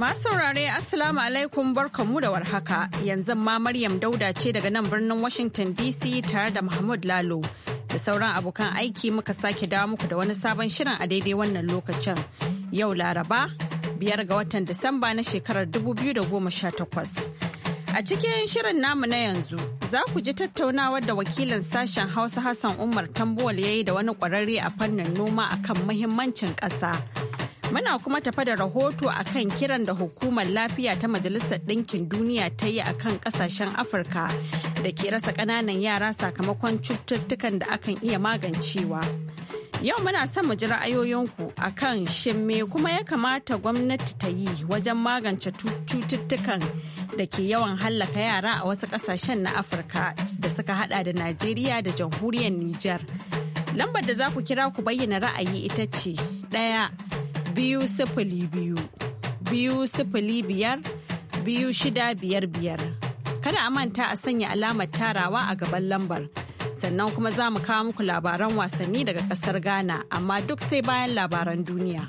Masu saurare Assalamu alaikum barkamu da warhaka yanzu ma Maryam Dauda ce daga nan birnin Washington DC tare da Muhammad Lalo da sauran abokan aiki muka sake dawo muku da wani sabon shirin a daidai wannan lokacin yau Laraba biyar ga watan Disamba na shekarar 2018. A cikin shirin namu na yanzu za ku ji tattaunawar da wakilin sashen Hausa Hassan Umar Tambuwal ya yi da wani ƙwararre a fannin noma akan mahimmancin ƙasa. Muna kuma tafa da rahoto a kan kiran da hukumar lafiya ta Majalisar Ɗinkin Duniya ta yi a kan ƙasashen Afirka da ke rasa ƙananan yara sakamakon cututtukan da akan iya magancewa. Yau muna son mu ji ra'ayoyinku a kan shimme kuma ya kamata gwamnati ta yi wajen magance cututtukan da ke yawan hallaka yara a wasu ƙasashen na Afirka da suka hada da Najeriya da jamhuriyar Nijar. Lambar da za ku kira ku bayyana ra'ayi ita ce ɗaya biyu sifili biyu biyu sifili biyar biyu shida biyar biyar kada a manta a sanya alamar tarawa a gaban lambar sannan kuma za mu kawo muku labaran wasanni daga kasar ghana amma duk sai bayan labaran duniya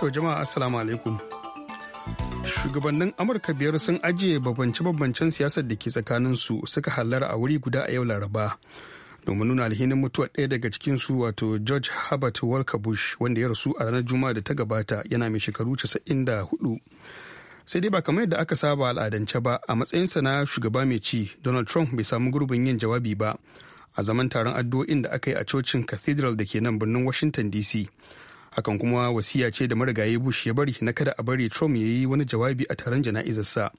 to jama'a assalamu alaikum shugabannin amurka biyar sun ajiye bambance-bambancen siyasar da ke tsakanin su suka hallara a wuri guda a yau laraba domin nuna alhinin mutuwar ɗaya daga cikin su wato george herbert walker bush wanda ya rasu a ranar juma'a da ta gabata yana mai shekaru 94 sai dai ba kamar yadda aka saba al'adance ba a matsayinsa na shugaba mai ci donald trump bai samu gurbin yin jawabi ba a zaman taron addu'o'in da aka yi a cocin cathedral da ke nan birnin washington dc akan kuma wasiya ce da marigayi bush ya bari na kada a bari trump ya yi wani jawabi a taron jana'izarsa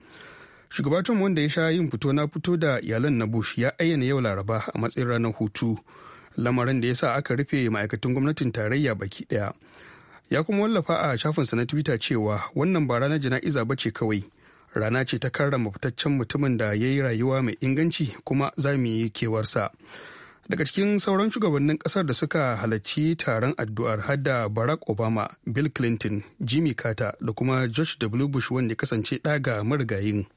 shugaba trump wanda ya sha yin fito na fito da iyalan na bush ya ayyana yau laraba a matsayin ranar hutu lamarin da ya sa aka rufe ma'aikatan gwamnatin tarayya baki daya ya kuma wallafa a shafinsa na twitter cewa wannan ba ranar jana'iza ba ce kawai rana ce ta karrama fitaccen mutumin da ya yi rayuwa mai inganci kuma za mu yi kewarsa daga cikin sauran shugabannin kasar da suka halarci taron addu'ar hada barack obama bill clinton jimmy carter da kuma george w bush wanda ya kasance ɗaga marigayin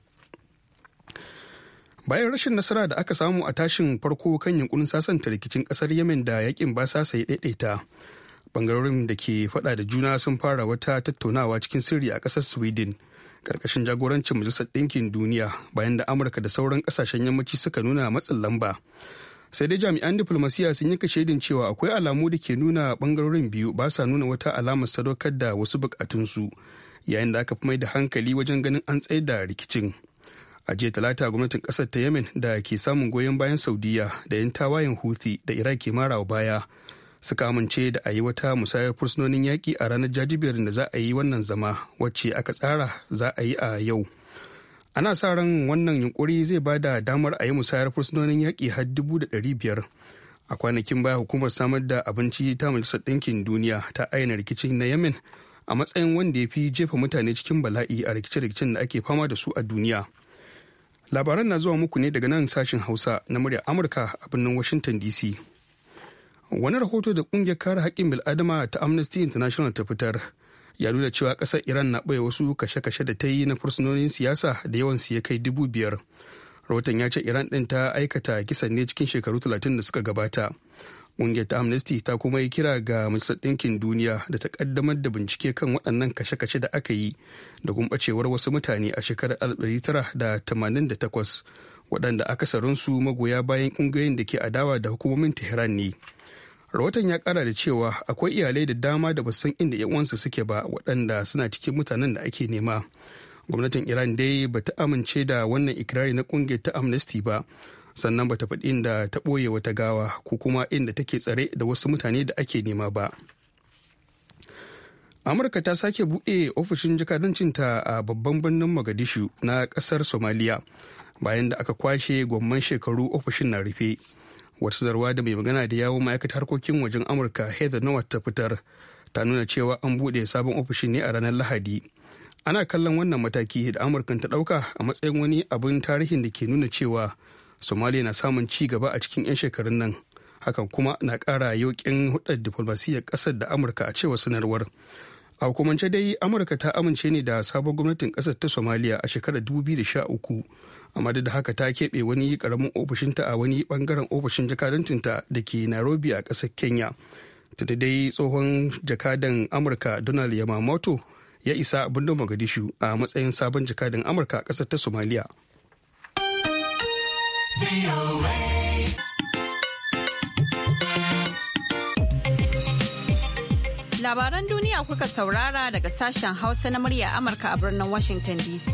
bayan rashin nasara da aka samu a tashin farko kan yunkurin sasanta rikicin kasar yemen da yakin sa ya daidaita bangarorin da ke fada da juna sun fara wata tattaunawa cikin sirri a kasar sweden karkashin jagorancin majalisar ɗinkin duniya bayan da amurka da sauran ƙasashen yammaci suka nuna matsin lamba sai dai jami'an diflomasiyya sun yi shaidin cewa akwai alamu da ke nuna bangarorin biyu ba sa nuna wata alamar sadaukar da wasu bukatunsu yayin da aka fi mai da hankali wajen ganin an tsaye da rikicin a jiya talata gwamnatin kasar ta yemen da ke samun goyon bayan saudiya da yan tawayen houthi da iraq ke marawa baya suka amince da a yi wata musayar fursunonin yaƙi a ranar jajibiyar da za a yi wannan zama wacce aka tsara za a yi a yau ana sa ran wannan yunkuri zai ba da damar a yi musayar fursunonin yaƙi har dubu da ɗari biyar a kwanakin baya hukumar samar da abinci ta majalisar ɗinkin duniya ta ayyana rikicin na yemen a matsayin wanda ya fi jefa mutane cikin bala'i a rikice-rikicen da ake fama da su a duniya labaran na zuwa muku ne daga nan sashen hausa na murya amurka a birnin washington dc wani rahoto da kungiyar kare haƙƙin bil'adama ta amnesty international ta fitar ya nuna cewa kasar iran na ɓoye wasu kashe-kashe da ta yi na fursunonin siyasa da yawansu ya kai dubu biyar rahoton ya ce iran din ta aikata kisan ne cikin shekaru talatin da suka gabata ƙungiyar ta amnesty ta kuma yi kira ga majalisar ɗinkin duniya da ta ƙaddamar da bincike kan waɗannan kashe-kashe da aka yi da kuma ɓacewar wasu mutane a shekarar 1988 waɗanda akasarinsu magoya bayan ƙungiyoyin da ke adawa da hukumomin tehran ne. rahoton ya kara da cewa akwai iyalai da dama da basu san inda uwansu suke ba waɗanda suna cikin mutanen da ake nema gwamnatin iran dai ba ta amince da wannan ikirari na kungiyar ta amnesty ba sannan bata faɗi inda ta ɓoye wata gawa ko kuma inda take tsare da wasu mutane da ake nema ba amurka ta sake buɗe ofishin jakadancinta a babban birnin magadishu na ƙasar somaliya bayan da aka kwashe gwamman shekaru ofishin na rufe wata zarwa da mai magana da yawon ma'aikatar harkokin wajen amurka heather nawa ta fitar ta nuna cewa an buɗe sabon ofishin ne a ranar lahadi ana kallon wannan mataki da amurka ta ɗauka a matsayin wani abin tarihin da ke nuna cewa somalia na samun ci gaba a cikin 'yan shekarun nan hakan kuma na kara yauƙin hudar diflomasiyyar ƙasar da amurka a cewa sanarwar a hukumance dai amurka ta amince ne da sabon gwamnatin kasar ta somaliya a shekarar 2013 amma da haka ta keɓe wani ƙaramin ofishinta a wani ɓangaren ofishin jakadantinta da ke nairobi a ƙasar kenya tunda dai tsohon jakadan amurka donald yamamoto ya isa birnin mogadishu a matsayin sabon jakadan amurka a ƙasar ta somaliya. Labaran duniya kuka saurara daga sashen Hausa na murya Amurka a birnin Washington DC.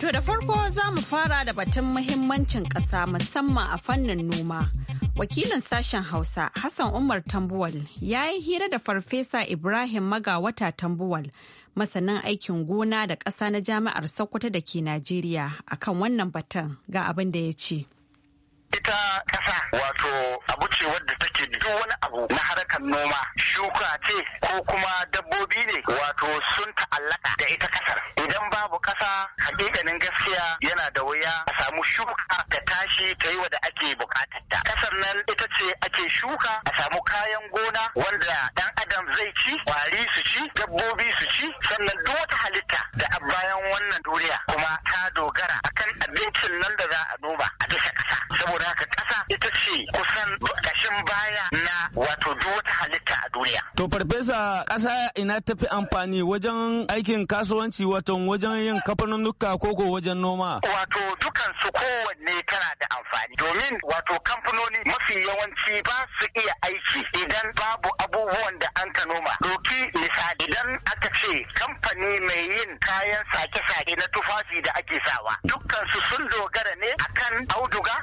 To da farko za mu fara da batun muhimmancin ƙasa musamman a fannin noma. Wakilin sashen Hausa Hassan Umar Tambuwal ya yi hira da Farfesa Ibrahim Magawata Tambuwal. masanin aikin gona da ƙasa na jami'ar Sokoto da ke Najeriya akan wannan batun ga abin da ya ce. Ita ƙasa wato abu ce wadda duk wani abu na harkar noma shuka ce ko kuma dabbobi ne wato sun ta'allaka da ita kasar idan babu kasa hakikanin gaskiya yana da wuya a samu shuka da tashi ta yi da ake bukatarta kasar nan ita ce ake shuka a samu kayan gona wanda dan adam zai ci kwari su ci dabbobi su ci sannan duk wata halitta da a bayan wannan duniya kuma ta dogara akan abincin nan da za a noma a bisa kasa saboda haka kasa ita ce kusan kashin baya na wato duk wata halitta a duniya. To farfesa ƙasa ina tafi amfani wajen aikin kasuwanci wato wajen yin kamfanonuka koko wajen noma. Wato dukan su kowanne tana da amfani domin wato kamfanoni mafi yawanci ba su iya aiki idan babu abubuwan da an ka noma. Doki misali idan aka ce kamfani mai yin kayan sake-sake na tufafi da ake sawa dukkan su sun dogara ne akan auduga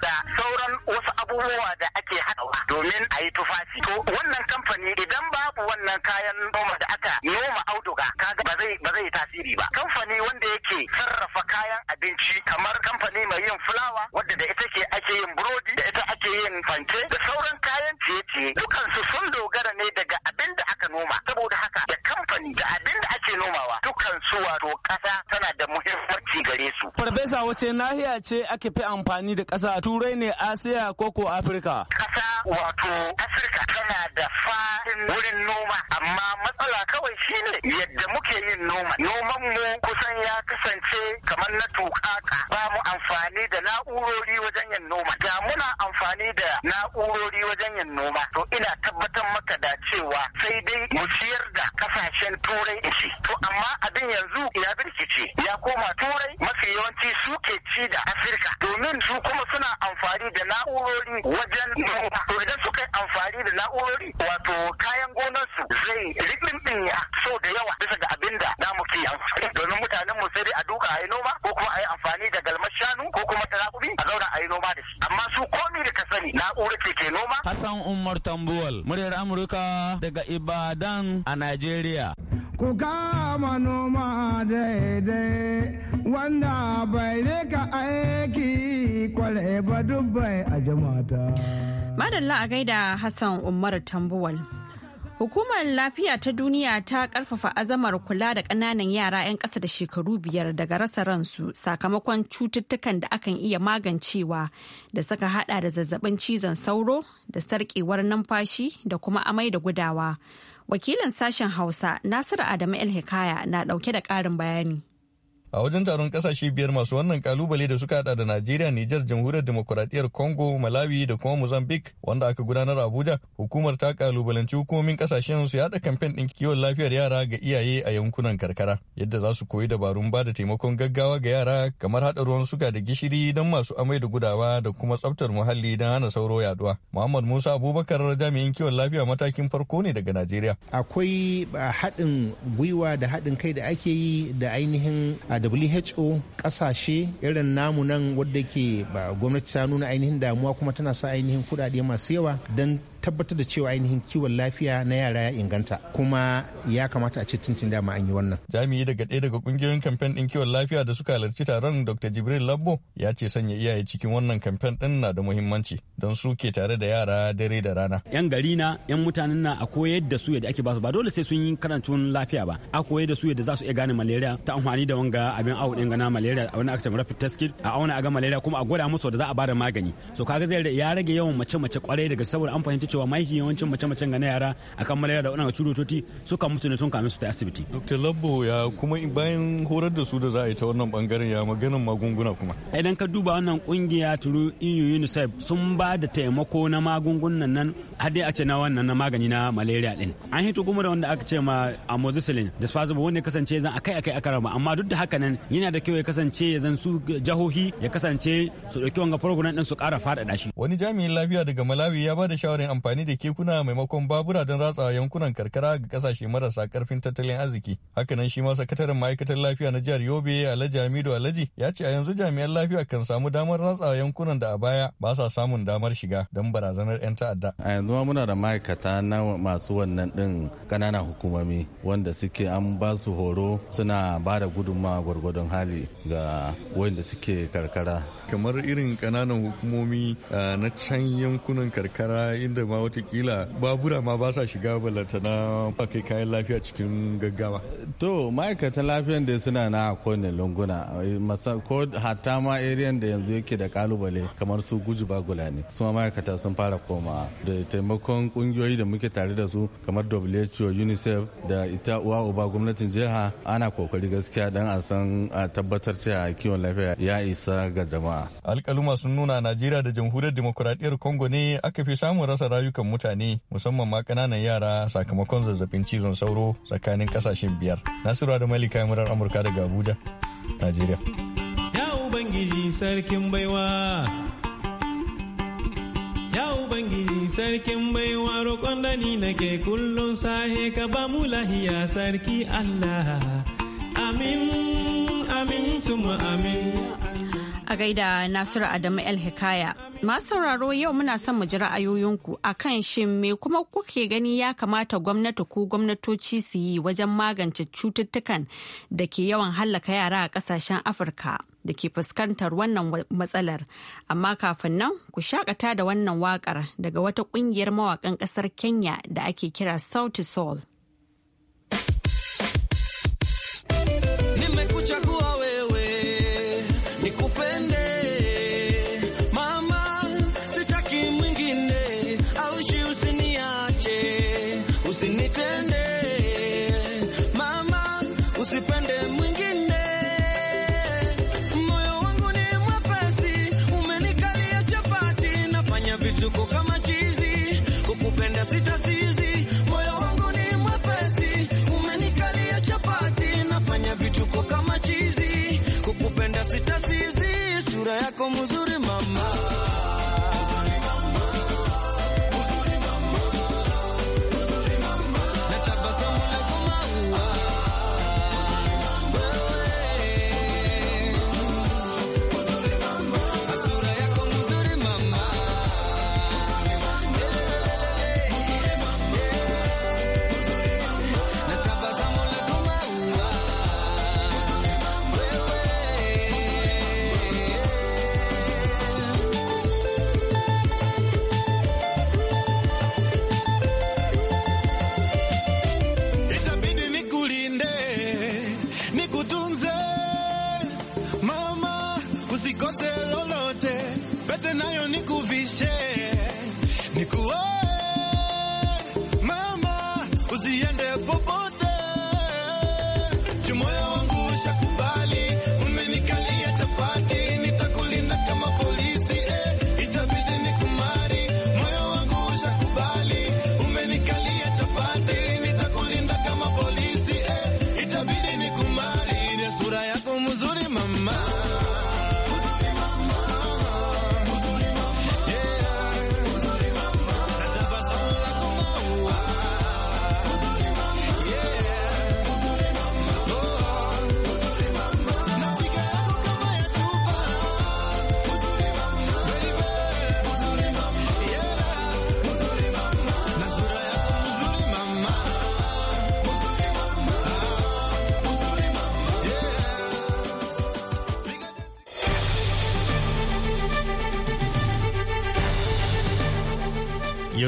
domin a yi tufafi. To wannan kamfani idan babu wannan kayan noma da aka noma auduga kaga ba zai ba zai tasiri ba. Kamfani wanda yake sarrafa kayan abinci kamar kamfani mai yin fulawa wadda da ita ke ake yin burodi da ita ake yin fanke da sauran kayan ciye-ciye dukansu sun dogara ne daga abin da aka noma saboda haka da kamfani da abin da ake nomawa dukansu wato kasa tana da muhimmanci ci gare su. Farfesa wace nahiya ce ake fi amfani da ƙasa turai ne Asiya koko Afirka? Ƙasa wato Afirka tana da farin wurin noma amma matsala kawai shine yadda muke yin noma. Noman mu kusan ya kasance kamar na tukaka ba mu amfani da na'urori wajen yin noma. Da muna amfani da na'urori wajen yin noma to ina tabbatar maka da cewa sai dai mu ciyar da kasashen turai ishi. To amma abin yanzu ya birkice ya koma turai turai mafi yawanci suke ci da afirka domin su kuma suna amfani da na'urori wajen noma to idan suka yi amfani da na'urori wato kayan gonarsu zai rikin ya so da yawa bisa ga abin da namu ke amfani domin mutanen mu sai a duka a yi noma ko kuma a yi amfani da galmar shanu ko kuma ta tarakubi a zauna a yi noma da shi amma su komi da ka sani na'urar ce ke noma. Hassan Umar Tambuwal muryar Amurka daga Ibadan a Najeriya. Ku kama noma daidai wanda bai ka aiki kwale ba dubbai a jamata. Madalla a gaida Hassan Umar Tambuwal. Hukumar lafiya ta duniya ta karfafa azamar kula da ƙananan yara 'yan ƙasa da shekaru biyar daga rasa ransu sakamakon cututtukan da akan iya magancewa da suka hada da zazzabin cizon sauro da sarkewar numfashi da kuma amai da gudawa. Wakilin sashen Hausa Nasiru Adamu El na ɗauke da ƙarin bayani. a wajen taron kasashe biyar masu wannan kalubale da suka hada da Najeriya, Nijar, Jamhuriyar Demokuraɗiyyar Congo, Malawi da kuma Mozambique wanda aka gudanar Abuja, hukumar ta kalubalanci hukumomin kasashen su yada kamfen ɗin kiwon lafiyar yara ga iyaye a yankunan karkara, yadda za su koyi dabarun ba da taimakon gaggawa ga yara kamar haɗa ruwan suga da gishiri don masu amai da gudawa da kuma tsaftar muhalli don hana sauro yaduwa. Muhammad Musa Abubakar jami'in kiwon lafiya matakin farko ne daga Najeriya. Akwai ah, haɗin gwiwa da haɗin kai da ake yi da ainihin a who kasashe irin namu nan wadda ke ba gwamnati ta nuna ainihin damuwa kuma tana sa ainihin kudade masu yawa don tabbatar da cewa ainihin kiwon lafiya na yara ya inganta kuma ya kamata a ce tuntun dama an yi wannan. Jami'i daga ɗaya daga kungiyoyin kamfen ɗin kiwon lafiya da suka halarci taron Dr. Jibril labo ya ce sanya iyaye cikin wannan kamfen ɗin na da muhimmanci don su ke tare da yara dare da rana. 'Yan gari na 'yan mutanen na a koyar da su yadda ake basu ba dole sai sun yi karantun lafiya ba a koyar da su yadda za su iya gane malaria ta amfani da wanga abin awo ɗin gana malaria a wani aka rapid test kit a auna a ga malaria kuma a gwada musu da za a bada magani so kaga zai ya rage yawan mace-mace kwarai daga saboda an fahimci cewa mahi yawancin mace-macen ga na yara akan malaria da wannan cututtuki suka mutu ne tun kamin su ta asibiti. Dr. Labbo ya kuma bayan horar da su da za a yi ta wannan bangaren ya maganin magunguna kuma. Idan ka duba wannan kungiya turu EU UNICEF sun ba da taimako na magungunan nan har dai a ce na wannan na magani na malaria din. An hito kuma da wanda aka ce ma amoxicillin disposable wanda kasance zan akai akai aka raba amma duk da haka nan yana da kyau ya kasance ya zan su jahohi ya kasance su dauki wanga program din su kara fada shi. Wani jami'in lafiya daga Malawi ya ba da shawarin amfani amfani da kekuna maimakon babura don ratsa yankunan karkara ga kasashe marasa karfin tattalin arziki. Hakanan shi ma sakataren ma'aikatar lafiya na jihar Yobe Alhaji Hamidu Alhaji ya ce a yanzu jami'an lafiya kan samu damar ratsa yankunan da a baya ba sa samun damar shiga don barazanar 'yan ta'adda. A yanzu ma muna da ma'aikata na masu wannan din kananan hukumomi wanda suke an ba su horo suna ba da gudunmawa gwargwadon hali ga wanda suke karkara. Kamar irin kananan hukumomi ah, na can yankunan karkara inda ma watakila babura ma ba sa shiga balata na kai kayan lafiya cikin gaggawa. To ma'aikatan lafiyan da suna na kowane lunguna ko hatta ma eriyan da yanzu yake da kalubale kamar su guji bagula ne su ma'aikata sun fara koma da taimakon kungiyoyi da muke tare da su kamar WHO UNICEF da ita uwa uba gwamnatin jiha ana kokari gaskiya dan a san a tabbatar cewa kiwon lafiya ya isa ga jama'a. Alkaluma sun nuna Najeriya da Jamhuriyar Demokuraɗiyyar Congo ne aka fi samun rasa rayukan mutane musamman ma kananan yara sakamakon zazzabin cizon sauro tsakanin ƙasashen biyar. Nasiru da Malika murar Amurka daga Abuja, Najeriya. Ya Ubangiji sarkin baiwa. Ya Ubangiji sarkin baiwa roƙon da nake kullum sahe ka ba mu lahiya sarki Allah. Amin, amin, tuma amin. A gaida Nasiru Adamu El Hikaya. Masu sauraro yau muna son mu ji ra'ayoyinku a kan shin me kuma kuke gani ya kamata gwamnati ko gwamnatoci su yi wajen magance cututtukan da ke yawan hallaka yara a kasashen Afirka da ke fuskantar wannan matsalar. Amma kafin nan ku shakata da wannan wakar daga wata kungiyar mawakan kasar Kenya da ake kira Sauti Soul. usinitende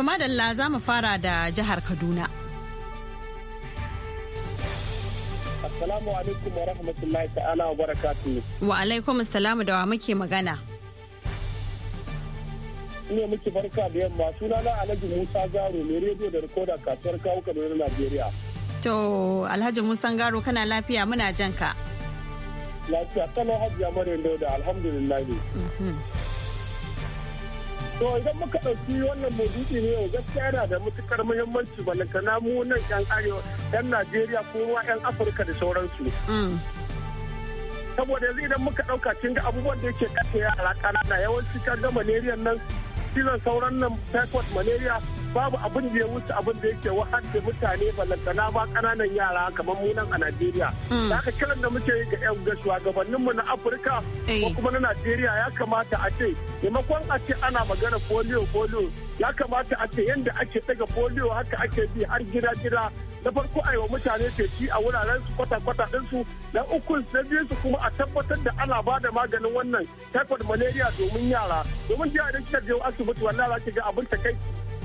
To madalla za mu fara da jihar Kaduna. Assalamu alaikum wa rahmatullahi ta'ala wa barakatuhu. Wa alaikum assalamu da wa muke magana. Ina muke barka da yamma suna na Alhaji Musa Garo mai rediyo da rikoda kasuwar kawo Kaduna Najeriya. To Alhaji Musa Garo kana lafiya muna jan ka. Lafiya kalau hajiya mara Dauda alhamdulillah ne. Mhm. To idan muka ɗauki wannan maudu'i ne yau gaskiya yana da matukar muhimmanci balantana mu nan 'yan arewa 'yan Najeriya ko ruwa 'yan Afirka da sauransu. Mm. Saboda yanzu idan muka ɗauka kin ga abubuwan da yake kashe yara ƙanana yawanci kan ga malaria nan cizon sauran nan typhoid malaria babu abin da ya wuce abin da yake wa da mutane balantana ba kananan yara kamar munan a Najeriya. Hmm. Da aka kiran da muke yi ga 'yan ga mu na Afirka ko eh. kuma na Najeriya ya kamata a ce maimakon a ce ana magana polio polio ya kamata a ce yadda ake daga polio haka ake bi har gida-gida na farko a yi wa mutane feshi a wuraren su kwata-kwata su na uku na biyu su kuma a tabbatar da ana ba da maganin wannan typhoid malaria domin yara domin jiya da kika je asibiti wallahi za ki ga abin ta kai.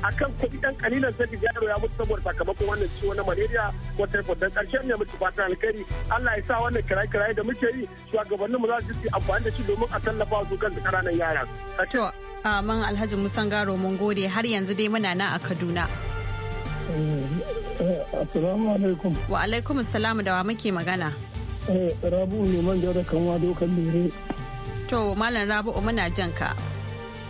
akan kuɗi ɗan kalilan sai ka ya mutu saboda sakamakon wannan ciwo na malaria ko typhoid dan ƙarshen ne muke fatan alkhairi Allah ya sa wannan kirai-kirai da muke yi shugabannin mu za su yi amfani da shi domin a tallafa su kan ƙananan yara. To, amin Alhaji Musan Garo mun gode har yanzu dai muna na a Kaduna. Eh, eh, assalamu alaikum. Wa alaikum assalamu da wa muke magana. Eh, Rabu ne man manja da kanwa dokan lere. To, Malam Rabu muna jan ka.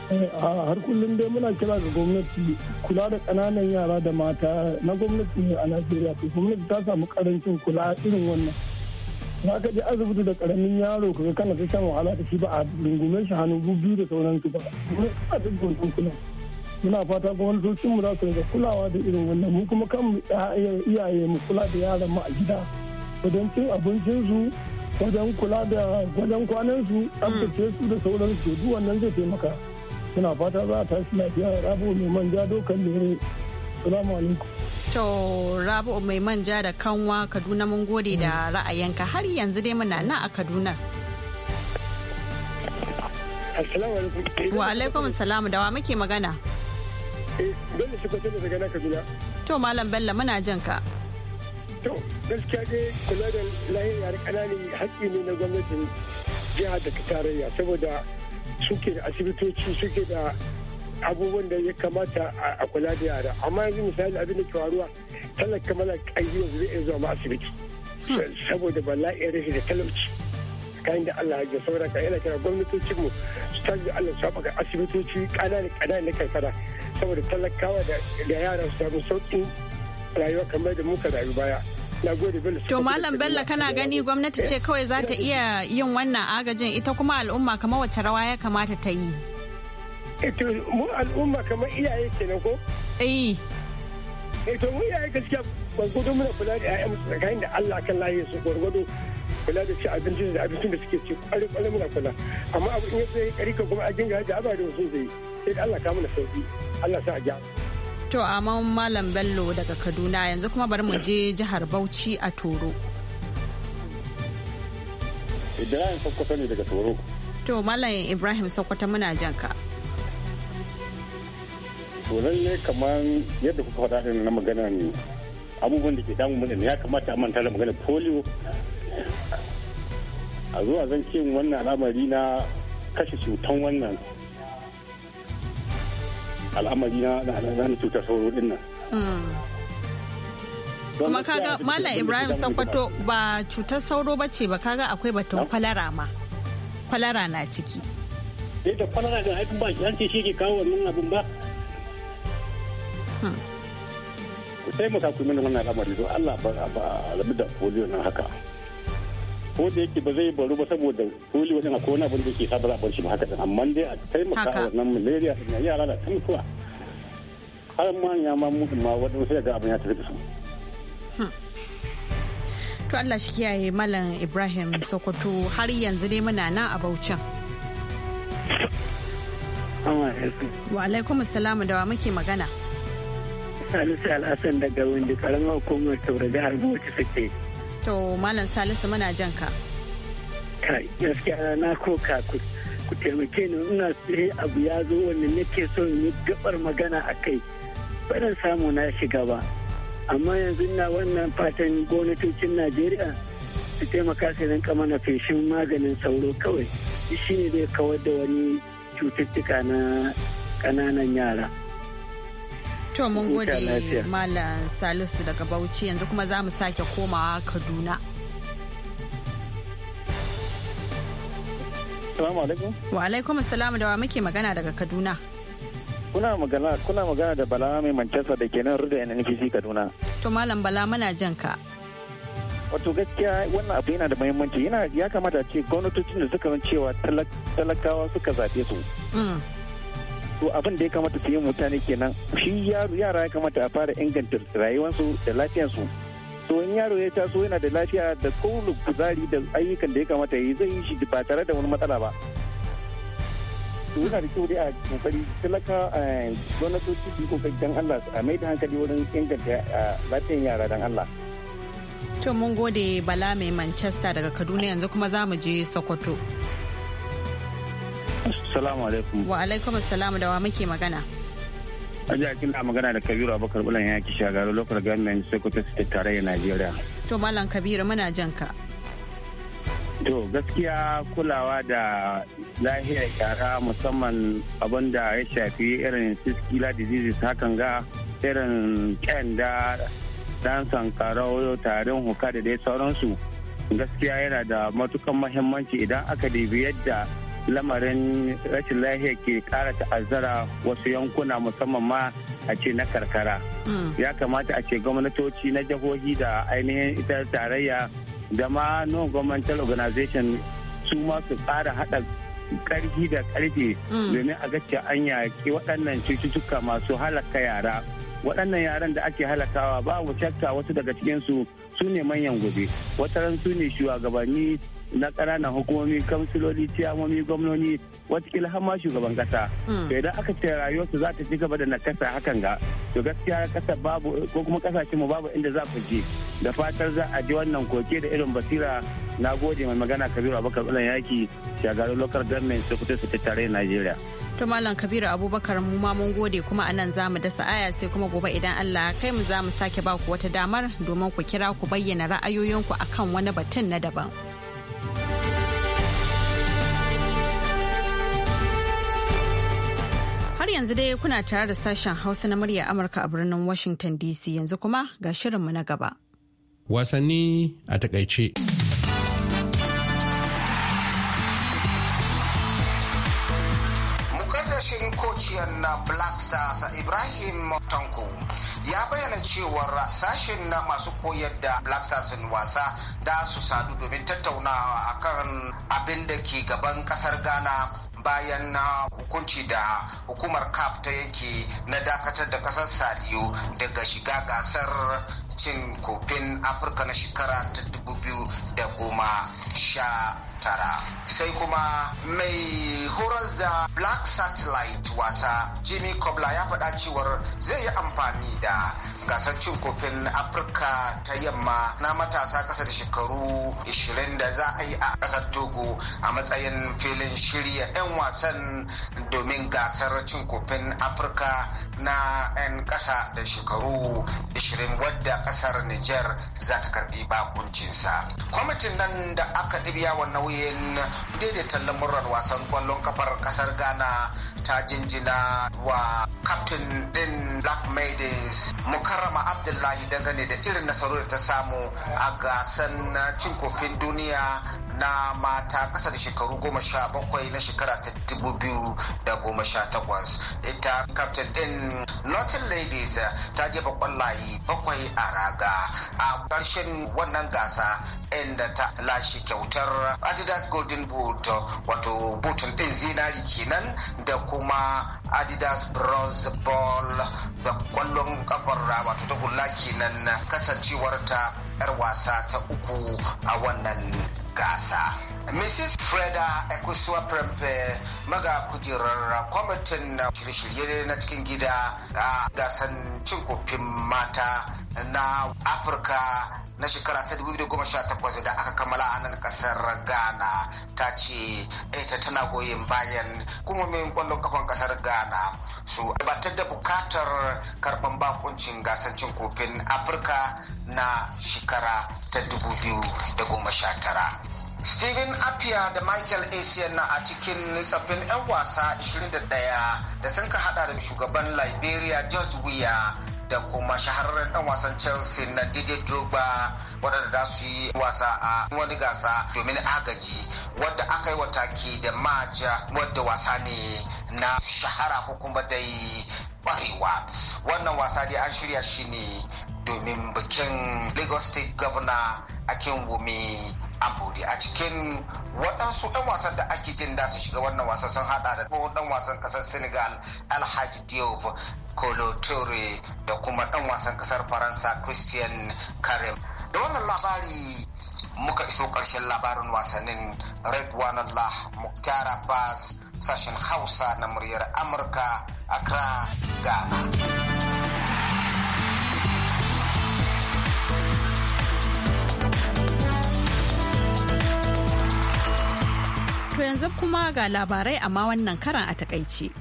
har kullum dai muna kira ga gwamnati kula da ƙananan yara da mata na gwamnati ne a najeriya to gwamnati ta samu karancin kula irin wannan na ka je asibiti da karamin yaro kaga kana ta shan wahala da shi ba a dungume shi hannu biyu da sauransu ba a cikin kula muna fata gwamnatocin mu za su kulawa da irin wannan mu kuma kan iyaye mu kula da yaran mu a gida wajen cin abincinsu wajen kula da wajen kwanansu tsabtace su da sauransu duk wannan zai taimaka. suna fata za a tashi lafiya rabu mai manja dokan lere salamu alaikum to rabu mai manja da kanwa kaduna mun gode da ra'ayinka har yanzu dai muna nan a kaduna wa alaikum salamu da wa muke magana eh, to malam bello muna jan ka to gaskiya dai kula da lahiyar ƙananan haƙƙi ne na gwamnatin jihar da ta tarayya saboda suke da asibitoci suke da abubuwan da ya kamata a kula da yara amma yanzu misali abin da ke faruwa talaka kamala ƙarfi yanzu zai iya zuwa ma asibiti hmm. saboda bala'in rashi da talauci kayan da Allah ya saura ka yana kira gwamnatocin mu su tashi Allah su haɓaka asibitoci ƙananan ƙananan karkara saboda talakawa da yara su samu sauƙin rayuwa kamar da muka rayu baya To Malam Bello kana gani gwamnati ce kawai za ta iya yin wannan agajin ita kuma al'umma kamar wacce rawa ya kamata ta yi. Eto eh, mu al'umma kamar iyaye kenan ko? Eh. Eto eh, mu iyaye gaskiya ban gudu muna kula da ƴaƴan tsakanin da Allah kan laye su gwargwado kula da ci abincin da abincin da suke ci kwarai kwarai muna kula amma abu in ya tsaye kari ka kuma a jinga da abarin sun zai sai Allah ka mana sauki Allah sa a gyara. To amma Malam Bello daga Kaduna yanzu kuma bari mu je jihar Bauchi a Toro. Ibrahim Sokoto ne daga Toro. To Malam Ibrahim Sokoto muna janka. ka. To lalle kamar yadda kuka faɗa ɗin na magana ne abubuwan da ke damun mutane ya kamata a manta da magana polio a zuwa zan ce wannan al'amari na kashe cutan wannan al'amari na na cutar sauro din nan kuma kaga malam ibrahim sakwato ba cutar sauro ba ce ba kaga akwai batun kwalara ma kwalara na ciki sai da kwalara da haifin ba an ce shi ke kawo wannan abin ba sai mu ka kuma wannan al'amari don allah ba a da polio nan haka ko da yake ba zai baru ba saboda koli wajen a kona abin da ke sabar a shi ba haka din amma dai a taimaka a wannan malaria ya yara da mutuwa har ma ya ma mutu ma waɗansu ya ga abin ya tafi da su. Hmm. To Allah shi kiyaye Malam Ibrahim Sokoto har yanzu dai muna nan a Bauchan. Wa alaikum assalamu da wa muke magana. Salisu alasan daga wanda karamar hukumar Taura jihar Bauchi suke. To Malam Salisu muna jan ka. Gaskiya na koka ku taimake ni ina sai abu ya zo wanda nake so ni gabar magana a kai. Barin samu na shiga ba. Amma yanzu na wannan fatan gwamnatocin Najeriya su taimaka su rinka mana feshin maganin sauro kawai. Shi ne zai kawar da wani cututtuka na ƙananan yara. To mun gode Malam Salisu daga Bauchi yanzu kuma za mu sake komawa Kaduna. Assalamu alaikum. Wa alaikum assalamu da wa muke magana daga Kaduna. Kuna magana kuna magana da Bala mai Manchester da ke nan Ruda NNPC Kaduna. To Malam Bala muna jan ka. Wato gaskiya wannan abu yana da muhimmanci yana ya kamata ce gwamnatocin da suka cewa talakawa suka zaɓe su. Mm. to abin da ya kamata su yi mutane kenan shi yara ya kamata a fara inganta rayuwarsu da lafiyarsu to in yaro ya taso yana da lafiya da kowane kuzari da ayyukan da ya kamata ya yi zai yi shi ba tare da wani matsala ba to yana da kyau dai a kokari talaka eh, gwamnatoci su ko kokari dan Allah a mai da hankali wurin inganta eh, lafiyar yara dan Allah to mun gode bala mai manchester daga kaduna yanzu kuma za mu je sokoto Assalamu alaikum. Wa alaikum assalamu da wa muke magana. a Ajiya kina magana da Kabiru Abubakar Bulan yaki shagaru local government Sokoto State da Najeriya. To Malam Kabiru muna jan ka. To gaskiya kulawa da lahiyar yara musamman abin da ya shafi irin siskila diseases hakan ga irin kyanda dan sankarau tarin huka da dai sauransu gaskiya yana da matukan mahimmanci idan aka dibi yadda lamarin rashin lahiya ke kara ta'azzara wasu yankuna musamman ma a ce na karkara hmm. ya kamata a ce gwamnatoci na jihohi da ainihin ita tarayya da ma non governmental organization su ma su kara haɗa ƙarfi da karfe hmm. domin a gace an yaƙi waɗannan cututtuka masu halaka yara waɗannan yaran da ake halakawa babu shakka wasu daga cikinsu su ne manyan gobe wataran su ne shugabanni na ƙananan hukumomi kamsiloli ciyamomi gwamnoni watakila har ma shugaban kasa hmm. to idan aka ce rayuwarsu za ta ci gaba da nakasa hakan ga to gaskiya kasa babu ko kuma kasashen mu babu inda za ku je da fatar za a ji wannan koke da irin basira na gode mai magana kabiru abubakar ulan yaki shagarin local government sokoto su ta tare najeriya to malam kabiru abubakar mu ma mun gode kuma anan za mu dasa aya sai kuma gobe idan allah kai mu za mu sake ba ku wata damar domin ku kira ku bayyana ra'ayoyinku akan wani batun na daban. Har yanzu dai kuna tare da sashen Hausa na murya Amurka a birnin Washington DC yanzu kuma ga shirinmu na gaba. Wasanni a takaice. Mukaddashin kociyar na Black Stars Ibrahim ya bayyana cewar sashen na masu koyar da Black Stars wasa da su sadu domin tattaunawa akan abin da ke gaban kasar Ghana bayan na hukunci da hukumar CAF ta yake na dakatar da kasar Saliyo daga shiga gasar cin kofin Afirka na shekara ta 2010. tara sai kuma mai horas da black satellite wasa jimmy kobla ya faɗa cewar zai yi amfani da gasar cin kofin afirka ta yamma na matasa ƙasa da shekaru 20 da za a yi a ƙasar togo a matsayin filin shirya 'yan wasan domin gasar cin kofin afirka na 'yan ƙasa da shekaru 20 wadda ƙasar Nijar za ta karɓi bakuncinsa. Kwamitin nan da aka ɗibiya wa nauyin daidaita lamuran wasan kwallon kafar ƙasar Ghana ta jinjina wa kaftin ɗin Black Maidens Mukarrama Abdullahi dangane da irin nasaru da ta samu a gasan cin kofin duniya na mata kasa da shekaru goma sha bakwai na shekara ta dubu biyu da goma sha takwas ita captain din northern ladies ta jefa kwallaye bakwai a raga a ƙarshen wannan gasa inda ta lashe kyautar adidas golden boot wato butun din zinari kenan da kuma adidas bronze ball da kwallon kafar wato ta gulla kenan kasancewar ta 'yar wasa ta uku a wannan gasa mrs freda ekusuwa prempe maga kujirar kwamitin na shirye na cikin gida a gasan cin kofin mata na afirka na shekara ta 2018 da aka kammala a nan kasar ghana ta ce ita tana goyon bayan mai kwallon kafan kasar ghana su gabatar da bukatar karban bakuncin gasar cin kofin afirka na shekara ta 2019 Steven Appiah da Michael asian na a cikin tsaffin 'yan wasa 21 da sun ka hada da shugaban Liberia George Weah da kuma shahararren dan wasan Chelsea na Didier Drogba waɗanda za su yi wasa a wani gasa domin agaji wadda aka yi wataki da maja wadda wasa ne na shahara ko kuma dai barewa wannan wasa dai an shirya shi ne domin bikin lagos state governor akin wumi ambodi a cikin waɗansu ɗan wasan da ake jin da su shiga wannan wasan sun haɗa da ɗan wasan ƙasar senegal alhaji diop kolo da kuma ɗan wasan ƙasar faransa christian karim da wannan labari muka iso ƙarshen labarin wasannin red one allah muktar bas sashen hausa na muryar amurka accra ghana To yanzu kuma ga labarai amma wannan karan a takaice.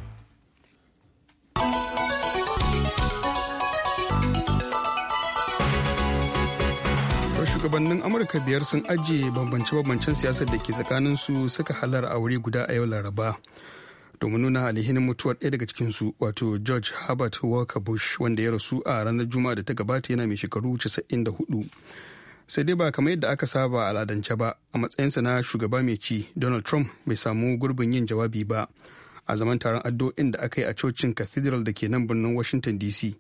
shugabannin amurka biyar sun ajiye bambance-bambancen siyasar da ke tsakanin su suka halar a wuri guda a yau laraba domin nuna alhinin mutuwar ɗaya daga cikinsu wato george herbert walker bush wanda ya rasu a ranar juma'a da ta gabata yana mai shekaru 94 sai dai ba kamar yadda aka saba al'adance ba a matsayinsa na shugaba mai ci donald trump bai samu gurbin yin jawabi ba a zaman taron addu'o'in da aka yi a cocin cathedral da ke nan birnin washington dc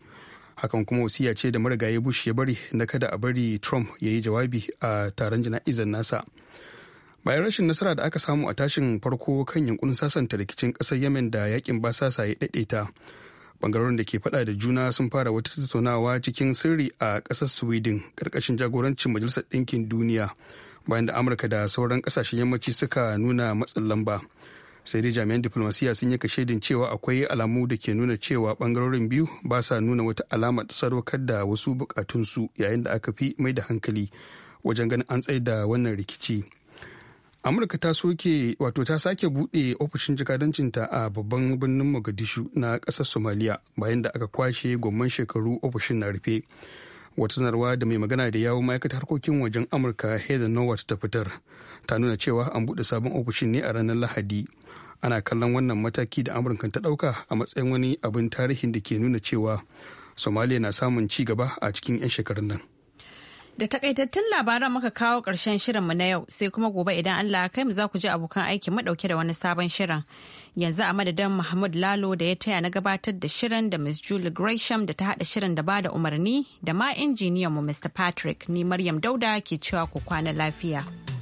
hakan kuma wasiya ce da marigayi bush ya bari na kada a bari trump ya yi jawabi a taron jana'izar nasa bayan rashin nasara da aka samu a tashin farko kan yankunan sasanta rikicin kasar yemen da yakin basasa ya daidaita bangarorin da ke fada da juna sun fara wata tattaunawa cikin sirri a kasar sweden karkashin jagorancin majalisar ɗinkin duniya bayan da amurka da sauran kasashen yammaci suka nuna matsin lamba sai dai jami'an diplomasiya sun yi kashedin cewa akwai alamu da ke nuna cewa bangarorin biyu ba sa nuna wata alama ta sadaukar da wasu bukatunsu yayin da aka fi mai da hankali wajen ganin an tsaye da wannan rikici amurka ta soke wato ta sake buɗe ofishin jikadancinta a babban birnin mogadishu na ƙasar somaliya bayan da aka kwashe gomman shekaru ofishin na rufe wata sanarwa da mai magana da yawon ma'aikatar harkokin wajen amurka heather nowat ta fitar ta nuna cewa an buɗe sabon ofishin ne a ranar lahadi ana kallon wannan mataki da amurka ta ɗauka a matsayin wani abin tarihin da ke nuna cewa somalia na samun ci gaba a cikin 'yan shekarun nan Da takaitattun labaran muka kawo ƙarshen shirinmu na yau sai kuma gobe idan Allah kai mu za ku ji abokan aiki madauke da wani sabon shirin. Yanzu a madadin Muhammad Lalo da ya taya na gabatar da shirin da Miss Julie Gresham da ta haɗa shirin da ba da umarni da ma injiniyanmu Mr. Patrick ni Maryam Dauda ke cewa ku kwana lafiya.